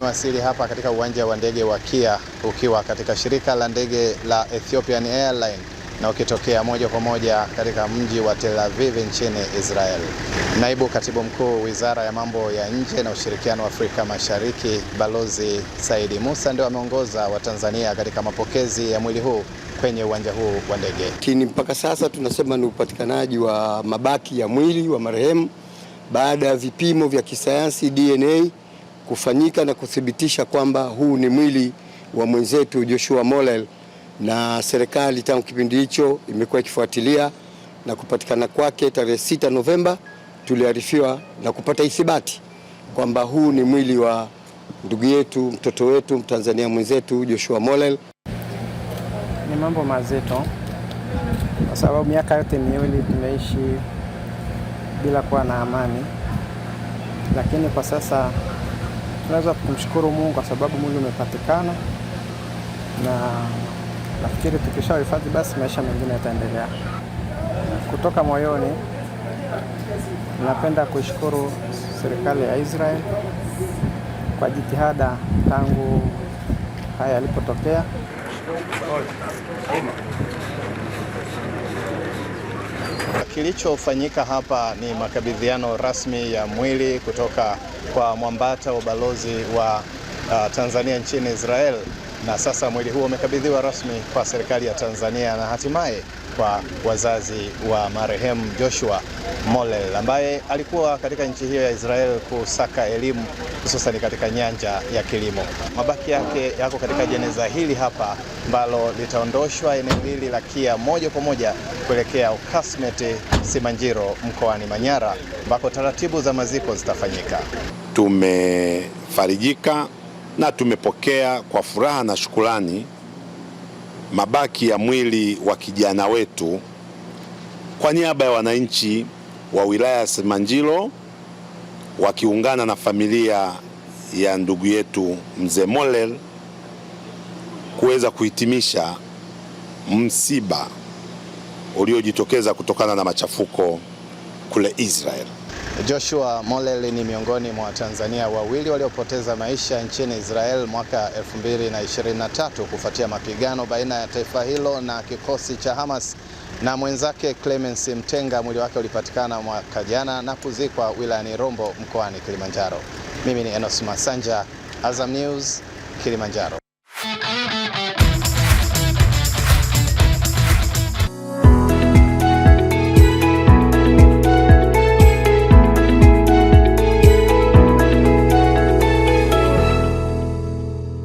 Wasili hapa katika uwanja wa ndege wa Kia ukiwa katika shirika la ndege la Ethiopian Airline na ukitokea moja kwa moja katika mji wa Tel Aviv nchini Israel. Naibu Katibu Mkuu Wizara ya Mambo ya Nje na Ushirikiano wa Afrika Mashariki, Balozi Saidi Musa ndio ameongoza Watanzania katika mapokezi ya mwili huu kwenye uwanja huu wa ndege. Kini mpaka sasa tunasema ni upatikanaji wa mabaki ya mwili wa marehemu baada ya vipimo vya kisayansi DNA kufanyika na kuthibitisha kwamba huu ni mwili wa mwenzetu Joshua Molel, na serikali tangu kipindi hicho imekuwa ikifuatilia na kupatikana kwake tarehe 6 Novemba tuliarifiwa na kupata ithibati kwamba huu ni mwili wa ndugu yetu mtoto wetu Mtanzania mwenzetu Joshua Molel. Ni mambo mazito kwa sababu miaka yote miwili tumeishi bila kuwa na amani, lakini kwa sasa tunaweza kumshukuru Mungu kwa sababu mwili umepatikana, na nafikiri tukisha hifadhi basi maisha mengine yataendelea. Kutoka moyoni, napenda kuishukuru serikali ya Israel kwa jitihada tangu haya yalipotokea. Kilichofanyika hapa ni makabidhiano rasmi ya mwili kutoka kwa mwambata wa balozi wa uh, Tanzania nchini Israel na sasa mwili huo umekabidhiwa rasmi kwa serikali ya Tanzania na hatimaye kwa wazazi wa marehemu Joshua Molel ambaye alikuwa katika nchi hiyo ya Israel kusaka elimu hususan katika nyanja ya kilimo. Mabaki yake yako katika jeneza hili hapa ambalo litaondoshwa eneo hili la KIA moja kwa moja kuelekea Kasmeti Simanjiro mkoani Manyara ambako taratibu za maziko zitafanyika. Tumefarijika na tumepokea kwa furaha na shukurani mabaki ya mwili wa kijana wetu kwa niaba ya wananchi wa wilaya ya Simanjiro wakiungana na familia ya ndugu yetu mzee Mollel kuweza kuhitimisha msiba uliojitokeza kutokana na machafuko kule Israel. Joshua Molel ni miongoni mwa Watanzania wawili waliopoteza maisha nchini Israel mwaka 2023 kufuatia mapigano baina ya taifa hilo na kikosi cha Hamas na mwenzake Clemence Mtenga. Mwili wake ulipatikana mwaka jana na kuzikwa wilayani Rombo mkoani Kilimanjaro. Mimi ni Enos Masanja, Azam News, Kilimanjaro.